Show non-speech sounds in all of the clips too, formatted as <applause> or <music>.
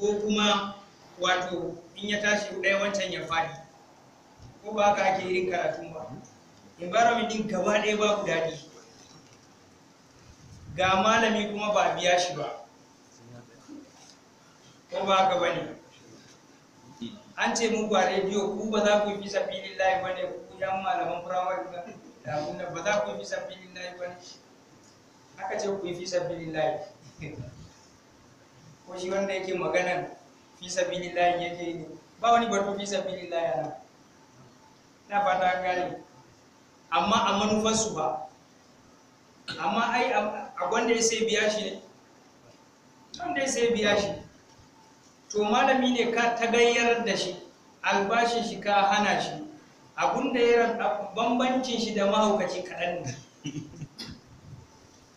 ko kuma wato in ya tashi ɗaya wancan ya faɗi ko ba ka ake irin karatun ba environment din gaba ɗaya ba ku daɗi ga malami kuma ba biya shi ba ko ba ka ba ne an ce muku a rediyo ku ba za ku yi fisa filin layi ba ne ku yan malaman firamare ba da ba za ku yi fisa filin layi ba ne aka ce ku yi fisa filin layi ko shi wanda yake magana fi sabilillahi yake yi ba wani batu fi sabilillahi ana na fata gane amma a su ba amma ai a gwanda ya sai biya shi ne wanda ya sai biya shi to malami ne ka tagayyar da shi albashin shi ka hana shi abun da ya bambancin shi da mahaukaci kaɗan ne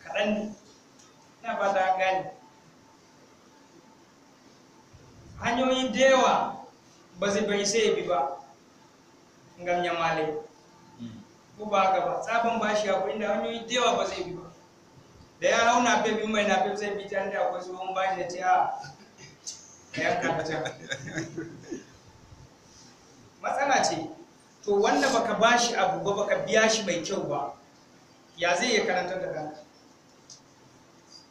kaɗan ne na fata gane hanyoyi da yawa ba zai bai sai bi ba ngam male ko ba haka ba tsaban bashi akwai inda hanyoyi da yawa ba zai bi ba da ya hau na febi mai na febi zai bi ta inda akwai tsohon ba da ce ah, a yan matsala ce to wanda baka bashi abu ba baka biya shi mai kyau ba ya zai iya karantar da kanka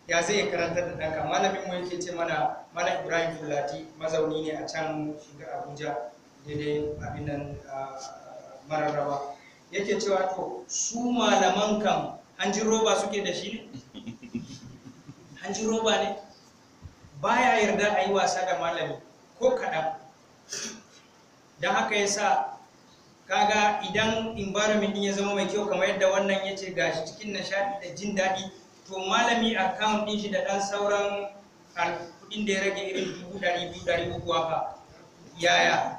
ya zai ya karantar da ɗanka malamin mu yake ce mana mana ibrahim fulati mazauni ne a can shiga abuja daidai abin nan mararraba yake cewa to su malaman hanjin roba suke da shi ne <laughs> hanjin roba ne baya yarda a yi wasa da malami ko kaɗan don haka ya sa kaga idan environment ya zama mai kyau kamar yadda wannan ya ce gashi cikin nishaɗi da jin daɗi to malami account din shi da dan sauran kudin da ya rage irin dubu dari biyu dari uku haka yaya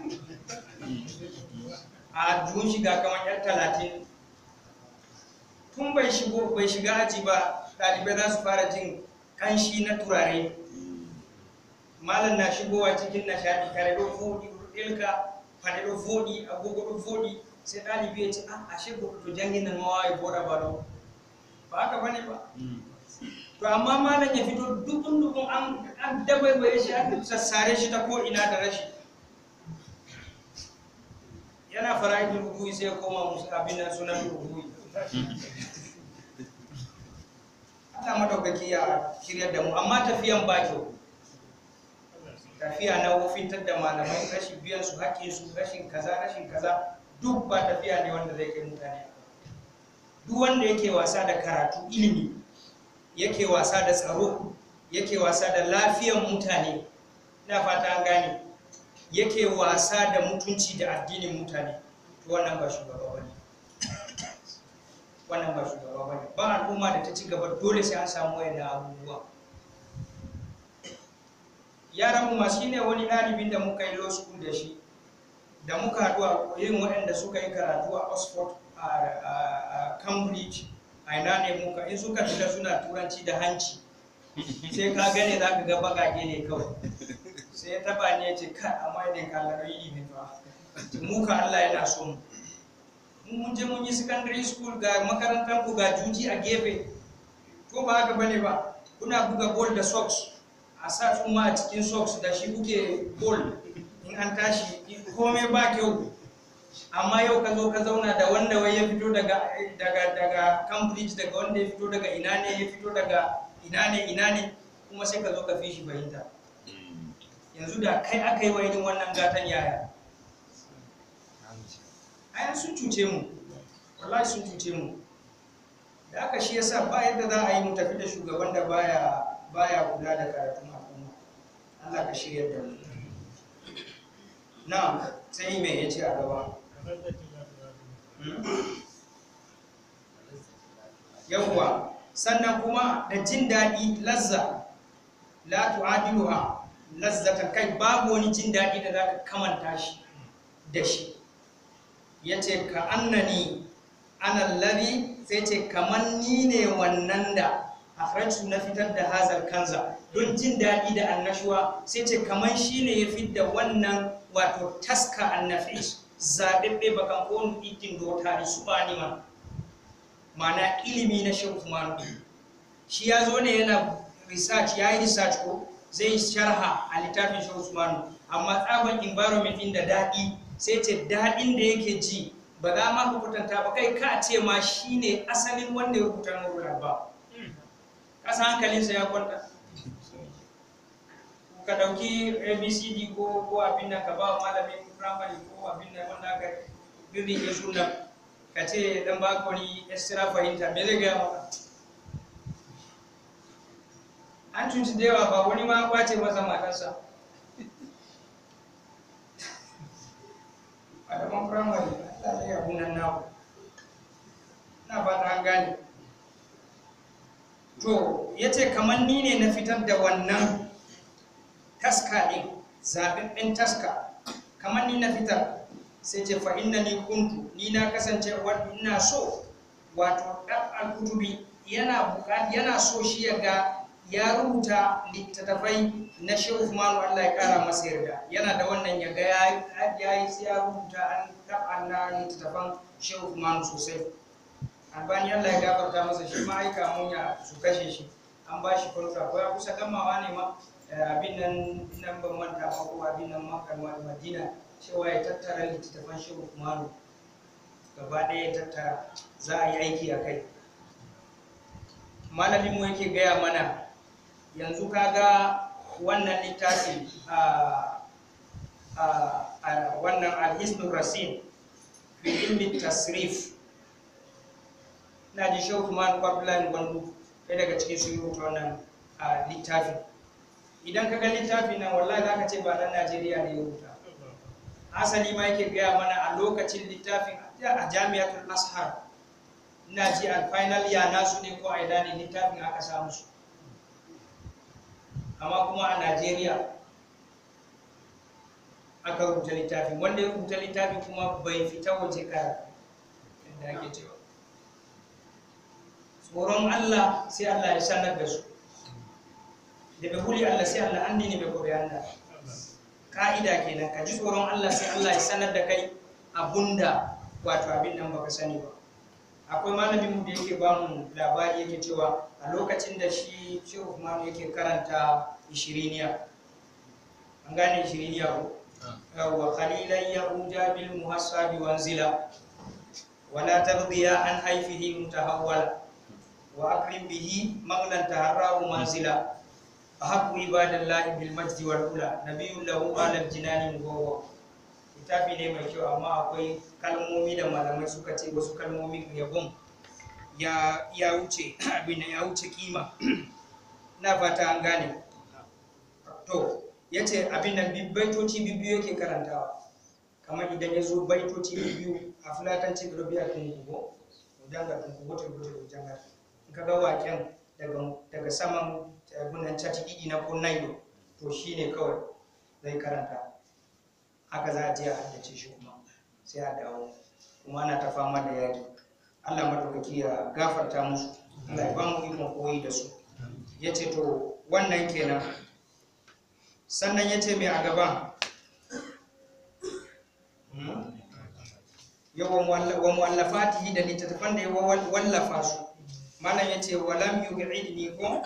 a duhun shiga kamar yan talatin tun bai shigo bai shiga aji ba ɗalibai za su fara jin kanshi na turare malam na shigowa cikin nishaɗi kare ɗo foɗi ilka faɗe ɗo foɗi agogo ɗo foɗi sai ɗalibi ya ce a ah, ashe gobe to jangin nan mawa ya bora ba don ba haka bane ba to amma malam ya fito dukun dukun an an dabaibaye shi an sassare shi ta ko ina da rashi yana faraidin rubuyi sai koma musu abin da sunan rubuyi Allah madaukaki ya shirya da mu amma tafiyan ba kyau tafiya na wofintar da malamai rashin biyan su haƙƙin su rashin kaza rashin kaza duk ba tafiya ne wanda zai kai mutane duk wanda yake wasa da karatu ilimi yake wasa da tsaro yake wasa da lafiyan mutane ina fata an gane yake wasa da mutunci da addinin mutane to wannan ba shugaba bane wannan ba shugaba bane ba al'umma da ta ci gaba dole sai an samu wani abubuwa yaran mu shi ne wani ɗalibin da muka yi law school da shi da muka haɗu a yin waɗanda suka yi karatu a Oxford a cambridge a ina ne muka in suka fita suna turanci da hanci sai ka gane za ka ga bagage ne kawai sai ya taba ne ce ka amma ne kallon yi ne ba muka allah yana so mu mun je mun yi secondary school ga makarantar ku ga juji a gefe ko ba haka bane ba kuna buga ball da socks a sa ma a cikin socks da shi kuke ball in an tashi komai ba kyau amma yau ka zo ka zauna da wanda wai ya fito daga daga daga Cambridge daga wanda ya fito daga ina ne ya fito daga ina ne ina ne kuma sai ka zo ka fi shi fahimta hmm. yanzu da kai aka yi wa irin wannan gatan yaya ai sun cuce mu wallahi sun cuce mu da aka shi yasa ba yadda za a yi mu tafi da shugaban da baya baya kula da karatun al'umma Allah ka shirya da mu na'am sai me yace a gaba yawwa sannan kuma da jin daɗi lazza la tu'adiluha lazzata kai babu wani jin daɗi da zaka kamanta shi da shi yace ka annani ana lari sai ce kaman ni ne wannan da akhrajtu na fitar da hazar kanza don jin daɗi da annashuwa sai ce kaman ne ya fitar da wannan wato taska annafis zaɓeɓɓe bakan ko on ijjindotani ma mana ilimi na shehu usmanu shi ya zo ne yana research ya yi research ko zai sharha a littafin shehu usmanu amma tsaban environment inda da daɗi sai ce daɗin da yake ji ba za ma kutanta ba kai ka ce ma ne asalin wanda ya kuta na ba hmm. kasa hankalinsa ya kwanta ka ɗauki abcd ko ko abin nan ka ba wa malamin primary ko abin nan wanda ka birnin ya suna ka ce dan ba ka wani extra fahimta me zai gaya maka an tunci da yawa ba wani ma kwace masa matarsa <laughs> malaman primary Allah ya abu nan nawa na ba ta gane to yace kamar ni ne na fitar da wannan taska ne zaɓaɓɓen taska kamar ni na fitar sai ce fa ni kuntu ni na kasance wadda ina so wato ɗan alkutubi yana yana so shi ya ga ya rubuta littattafai na shehu manu allah ya kara masa yarda yana da wannan ya ga ya yi sai ya rubuta an taɓa na littattafan shehu manu sosai albani allah ya gafarta masa shi ma aika mun ya su kashe shi an ba shi farka ko ya kusa gamawa ne ma Eh, abin nan nan ban manta ba ko abin nan makar madina cewa ya tattara littattafan shi Uthmanu gaba ɗaya ya tattara za a yi aiki a kai malamin mu yake gaya mana yanzu kaga wannan littafi a wannan alhisnu rasim bilimbi tasrif na ji shehu man kwablan gwandu ɗaya daga cikin su yi wannan littafin idan ka ga littafi nan wallahi za ka ce ba nan najeriya ne ya rubuta asali ma yake gaya mana a lokacin littafin a jami'atul ashar ina ji a final ya nasu ne ko aida ne littafin aka samu su amma kuma a najeriya aka rubuta littafin wanda ya rubuta littafin kuma bai fita waje kara inda ake cewa tsoron allah sai allah ya sanar da su da bai huli Allah sai Allah an ne bai kobe Allah ka'ida kenan ka ji tsoron Allah sai Allah ya sanar da kai abunda wato abin nan baka sani ba akwai malamin mu da yake ba mu labari yake cewa a lokacin da shi Shehu Usman yake karanta ishiriniya an gane ishiriniya ko wa qalilan yahuda bil muhassabi wanzila wala tarbiya an haifihi mutahawwala wa akrim bihi magnan taharrahu manzila أحب عباد الله بالمجد والأولى نبي الله على الجنان وهو littafi ne mai kyau amma akwai kalmomi da malamai suka ce wasu kalmomi yabon ya wuce kima na fata an gane to yace abin nan baitoci biyu yake karantawa kamar idan ya zo baitoci biyu a fulatanci da rubiya kan gugu danga kan gugu to gugu danga waken daga saman gunan cati na ko nailo to shi ne kawai zai karanta haka za a je a haddace shi kuma sai a dawo kuma ana ta fama da yaki allah maɗaukaki ya gafarta musu allah ya ba mu ikon koyi da su ya ce to wannan kenan sannan ya ce mai a gaba hmm, yawan yi da littattafan da ya wallafa su mana ya ce walam ni ko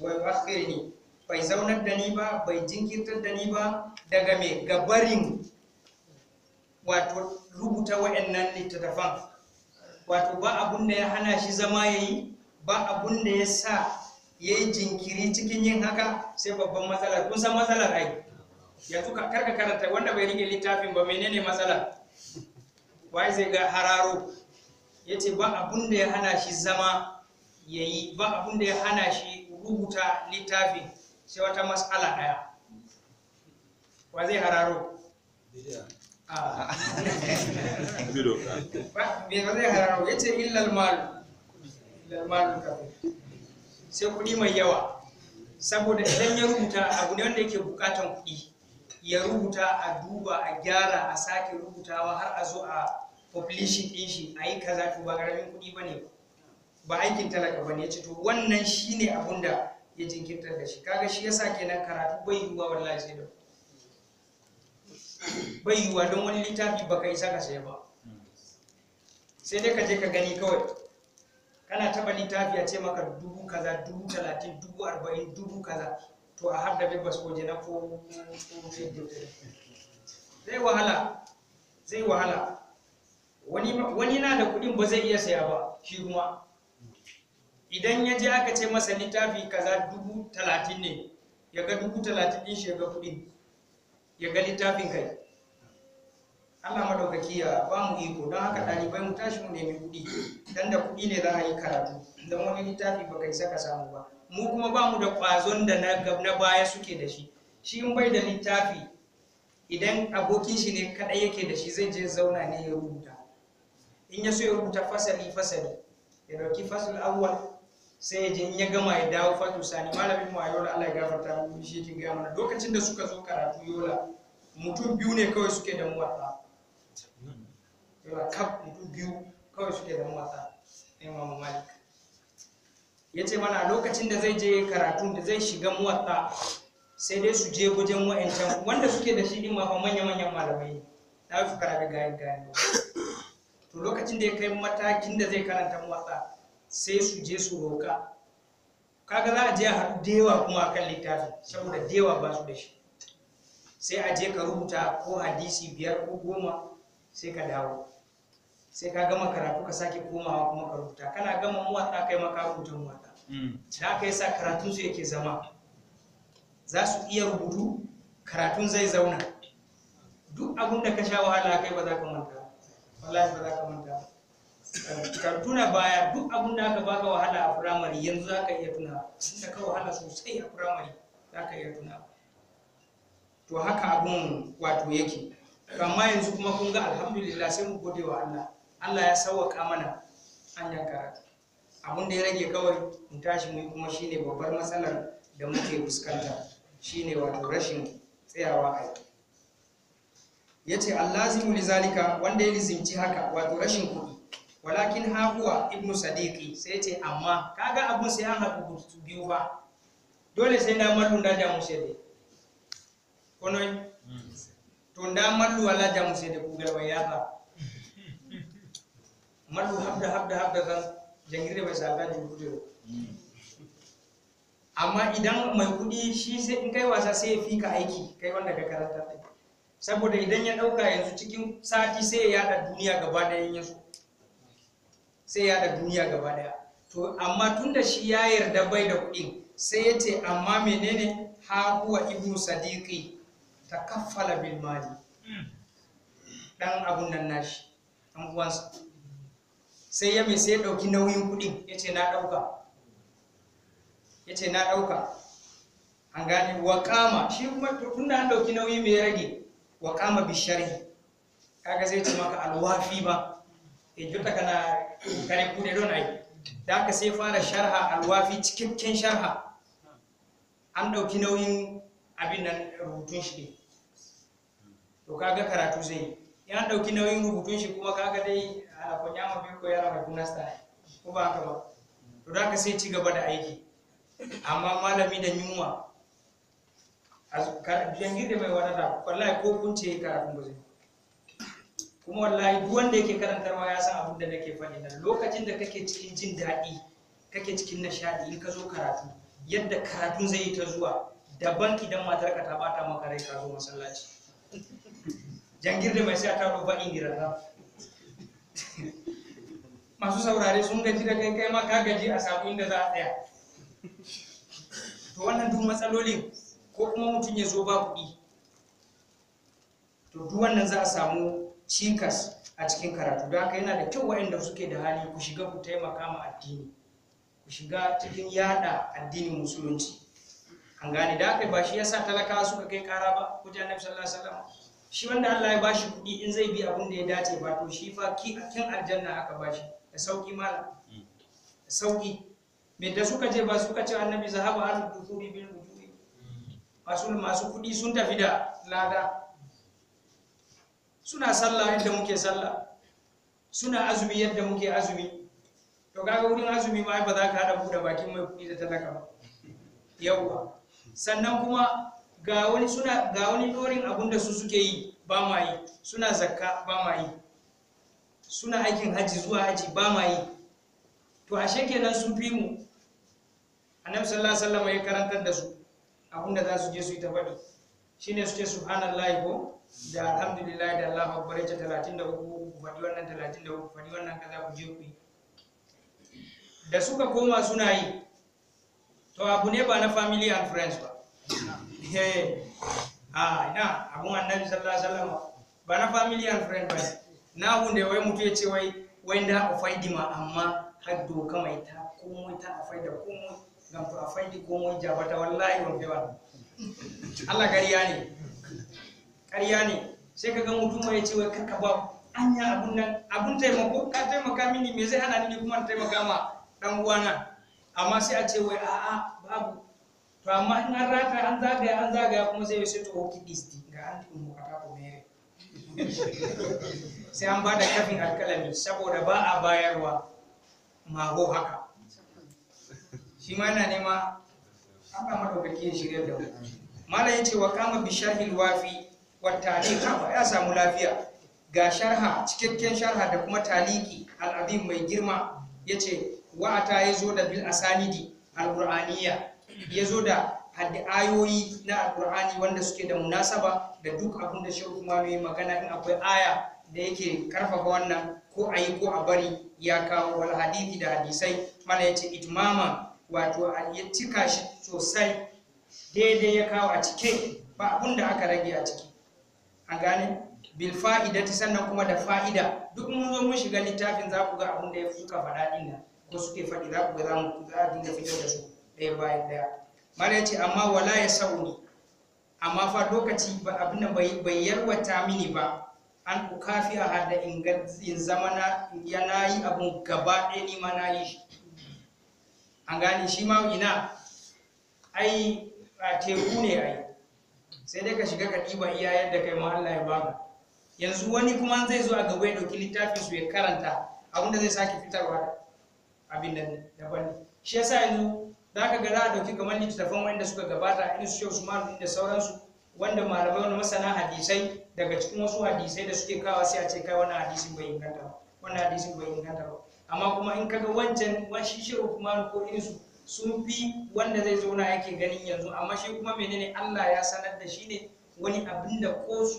wa ni bai zaunar da ni ba bai jinkirtar da ni ba daga mai gabarin wato rubuta wa'annan littattafan wato ba abun da ya hana shi zama ya yi ba abun da ya sa ya yi jinkiri cikin yin haka sai babban matsalar kun san matsalar ai yanzu karka karanta wanda bai rike littafin ba menene matsala wai zai ga hararo ya ce ba abun da ya hana shi zama ya yi ba abin da ya hana shi rubuta littafin sai wata matsala ɗaya wa zai hararo <laughs> ba zai hararo ya ce illal malu illal malu sai kuɗi mai yawa saboda idan ya rubuta abu ne wanda yake bukatan kuɗi ya rubuta a duba a gyara a sake rubutawa har a zo a population ɗin shi a yi kaza to ba ƙaramin kuɗi ba ne ba ba aikin talaka bane yace to wannan shine abin da ya jinkirtar da shi kaga shi yasa kenan karatu bai yiwuwa wallahi sai da bai yiwuwa don wani littafi baka isa ka saya ba sai dai ka je ka gani kawai kana taba littafi a ce maka dubu kaza dubu talatin dubu arba'in dubu kaza to a har da bai basu waje na ko zai wahala zai wahala wani na da kudin ba zai iya saya ba shi kuma idan ya je aka ce masa littafi kaza dubu talatin ne ya ga dubu talatin din shiga ya ga littafin kai Allah madaukaki ya ba mu iko don haka ɗalibai mu tashi mu nemi kuɗi dan da kuɗi ne za a yi karatu don wani littafi ba kai saka samu ba mu kuma ba mu da kwazon da na baya suke da shi shi in bai da littafi idan abokin shi ne kaɗai yake da shi zai je zauna ne ya rubuta in ya so ya rubuta fasali fasali ya ɗauki fasul awwal sai ya je in ya gama ya dawo fatu sani malamin mu a yola Allah ya gafarta mu shi kin gaya mana lokacin da suka zo karatu yola mutum biyu ne kawai suke da muwatta yola kaf mutum biyu kawai suke da muwatta Imam Malik ya ce mana lokacin da zai je karatu da zai shiga muwatta sai dai su je wajen wa'ancan wanda suke da shi din ma manya-manyan malamai na fi kara da gayan gayan to lokacin da ya kai matakin da zai karanta muwatta sai su je su roƙa, kaga za a je a haɗu dewa kuma kan littafin saboda dewa ba su da shi sai a je ka rubuta ko hadisi biyar ko goma sai ka dawo sai ka gama karatu ka sake komawa kuma ka rubuta kana gama muwaɗa kai ma ka rubuta muwaɗa mm. da aka yi sa karatun su yake zama za su iya rubutu karatun zai zauna duk abin da ka sha wahala kai ba za ka manta wallahi ba za ka manta karatu baya duk abin da aka baka wahala a firamare yanzu za ka iya tuna da ka wahala sosai a firamare za ka iya tuna to haka abin wato yake amma yanzu kuma kun ga alhamdulillah sai mu gode wa Allah Allah ya sauwaka mana hanyar karatu abin da ya rage kawai mu tashi mu kuma shine babbar matsalar da muke fuskanta shine wato rashin tsayawa a yi ya ce allazimu lizalika wanda ya lizinci haka wato rashin kuɗi walakin ha huwa ibnu sadiqi sai ce amma kaga abun sai an haɗu biyu ba dole sai na mallu da jamu sai kono to da mallu wala jamu sai ku ga ya ba mallu habda habda habda kan jangire bai saka da kudu amma idan mai kudi shi sai in kai wasa sai fi ka aiki kai wanda ka karanta saboda idan ya dauka yanzu cikin sati sai ya yada duniya gaba da yin yaso sai ya da duniya gaba daya to amma tunda shi ya yarda bai da kuɗin sai ya ce amma menene ha huwa ibnu sadiqi takaffala bil mali dan abun nan nashi dan uwansa sai ya me sai ya dauki nauyin kuɗin yace na dauka yace na dauka an gane wa kama shi kuma tunda an dauki nauyi mai rage wa kama bi sharhi kaga zai ce maka alwafi ba ke jotta kana kare kuɗe don ai da ka sai fara sharha alwafi cikakken sharha an ɗauki nauyin abin nan rubutun shi to kaga karatu zai in an ɗauki nauyin rubutun shi kuma kaga dai ko nyama bi ko yara mai kunasta ko ba ka ba to da ka sai ci gaba da aiki amma malami da yunwa a jangirde mai wadata wallahi ko kun ce karatun ba zai kuma wallahi duk wanda yake karantarwa ya san abin da nake faɗi nan lokacin da kake cikin jin daɗi kake cikin nishaɗi in ka zo karatu yadda karatun zai yi ta zuwa daban idan matar ka ta bata maka rai ka zo masallaci jangir da mai sai ta roba ingira masu saurare sun gaji da kai kai ma ka gaji a sabu inda za a tsaya to wannan duk matsalolin ko kuma mutum ya zo ba kuɗi to duk wannan za a samu cikas a cikin karatu da haka yana da kyau waɗanda suke da hali ku shiga ku taimaka ma addini ku shiga cikin yada addinin musulunci an gane da haka ba shi yasa talakawa suka kai kara ba ku ji annabi sallallahu alaihi wasallam shi wanda Allah ya bashi kuɗi in zai bi abin da ya dace ba to shi fa ki kin aljanna aka bashi da sauki mala da sauki me da suka je ba suka ce annabi zahaba an dukuri bil wujudi masu masu kuɗi sun tafi da lada suna sallah yadda muke sallah suna azumi yadda muke azumi to kaga wurin azumi ma ba za ka haɗa buɗe bakin mai kuɗi da talaka ba yawwa sannan kuma ga wani suna ga wani dorin abun da su suke yi ba ma yi suna zakka ba ma yi suna aikin haji zuwa haji ba ma yi to ashe kenan sun fi mu annabi sallallahu alaihi wasallam ya karantar da su abun da za su je su yi ta faɗi shine ne suke subhanallahi ko da alhamdulillah da Allahu akbar ce 33 ku faɗi wannan 33 ku faɗi wannan kaza ku je ku yi da suka koma suna yi to abu ne ba na family and friends ba <laughs> a ina abun annabi sallallahu alaihi wasallam ba na family and friends. ba na hunde wai mutu ya ce wai wai da afaidi ma amma har doka mai ta komai ta afaida komai a afaidi komai jabata wallahi wa biwa Allah ƙarya ne ƙarya ne sai ka ga mutum ya ce wai karka ba anya abun nan abun taimako ka taimaka mini me zai hana ni kuma taimaka ma dan uwana amma sai a ce wai a'a babu to amma in an rata an zagaya an zagaya kuma sai sai to hoki disti ga an tumu ka ko mere sai an bada kafin alkalami saboda ba a bayarwa mago haka shi ma yana nema Allah madaukaki ya shirya da mu yace wa kama bi sharhil wafi wa tariq ya samu lafiya ga sharha cikakken sharha da kuma taliki al'azim mai girma yace wa'ata ya zo da bil asanidi alqur'aniya ya zo da ayoyi na al-qur'ani wanda suke da munasaba da duk abin da shehu kuma mai magana in akwai aya da yake karfafa wannan ko ayi ko a bari ya kawo wal da hadisai mana yace itmama wato ya cika shi sosai daidai ya kawo a cike ba abun da aka rage a ciki a gane bil fa'ida ta sannan kuma da fa'ida duk mun zo mun shiga littafin za ku ga abun da ya suka faɗa din nan ko suke faɗi za ku ga za mu za a dinga fitar da su ɗaya bayan ɗaya mara ya ce amma wala ya sau ni. amma fa lokaci ba abin nan bai yarwata mini ba an ukafi a hada in zama na yana abun gaba ɗaya ni ma na yi shi an gane shi ma ina ai a teku ne ai sai dai ka shiga ka diba iya yadda kai ma Allah ya baka yanzu wani kuma zai zo a gaba ya dauki littafin su ya karanta abinda zai sake fitarwa abin nan daban ne shi yasa yanzu za ga za a ɗauki kamar littattafan wanda suka gabata irin su su Usman da sauransu wanda malamai wani masana hadisai daga cikin wasu hadisai da suke kawo sai a ce kai wannan hadisin bai inganta ba wannan bai inganta amma kuma in kaga wancan shi shi Uthman ko insu sun fi wanda zai zauna yake ganin yanzu amma shi kuma menene Allah ya sanar da shi ne wani abin da ko su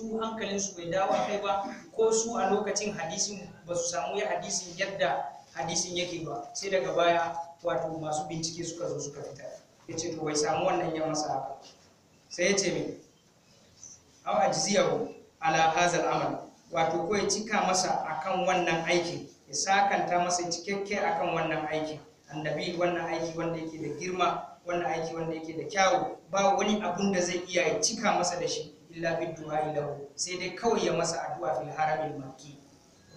su bai dawo kai ba ko su a lokacin hadisin ba su samu ya hadisin yadda hadisin yake ba sai daga baya wato masu bincike suka zo suka fita ya ce to bai samu wannan ya masa haka sai ya ce mai ala hazal amal wato ko ya cika masa akan wannan aikin ya sakanta masa cikakke akan wannan aiki. annabi wannan aiki wanda yake da girma wannan aiki wanda yake da kyawu ba wani abun da zai iya ya cika masa da shi illa bi du'a hu sai dai kawai ya masa addu'a fil haramil makki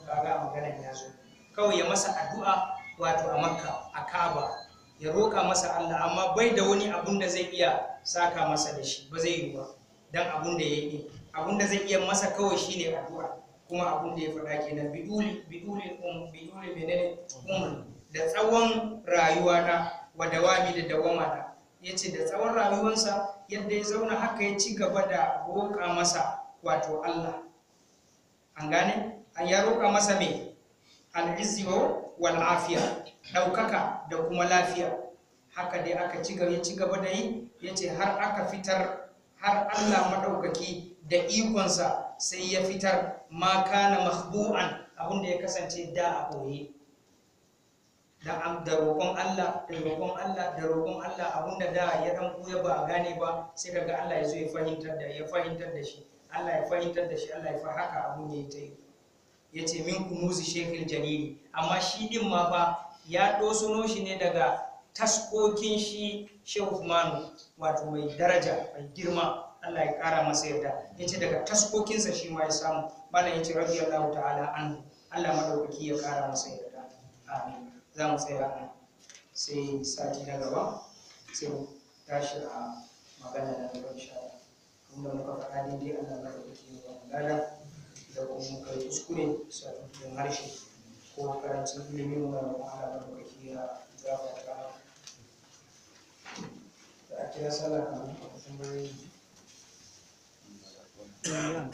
kaga magana ya zo kawai ya masa addu'a wato a makka a kaaba ya roƙa masa Allah amma bai da wani abun da zai iya saka masa da shi ba zai yi ba dan abun da ya abun da zai iya masa kawai shine addu'a kuma abun da ya faɗa kenan biduli biduli menene umri da tsawon rayuwa na wa dawami da dawama na yace da tsawon rayuwansa, yadda ya zauna haka ya ci gaba da roƙa masa wato Allah an gane an ya roƙa masa me al'izzi wal afiya ɗaukaka da kuma lafiya haka dai aka ci gaba gaba da yi yace har aka fitar har Allah madaukaki da ikonsa sai ya fitar ma kana mahbu'an abinda ya kasance da a koye da roƙon Allah da roƙon Allah da roƙon Allah abinda da ya dan kuya ba a gane ba sai kaga Allah ya zo ya fahimtar da ya fahimtar da shi Allah ya fahimtar da shi Allah ya fahaka abun ya ta yi ya ce min kumuzi shekil jalili amma shi din ma fa ya dosuno shi ne daga taskokin shi shehu manu wato mai daraja mai girma Allah ya kara masa yarda yace daga taskokinsa shi ma ya samu ce, yace radiyallahu ta'ala an Allah madaukaki ya kara masa yarda amin za mu tsaya nan sai sati na gaba sai mu tashi a magana na gaba insha Allah kuma muka faɗa dai Allah madaukaki ya ba mu lada da kuma kai kuskure sai harshe ko karancin ilimin da na Allah madaukaki ya gaba da kama da kira sallah kamar a kusan 不一样。